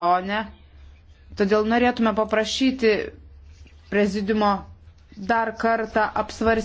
o ne. Todėl norėtume paprašyti prezidiumo dar kartą apsvarstyti.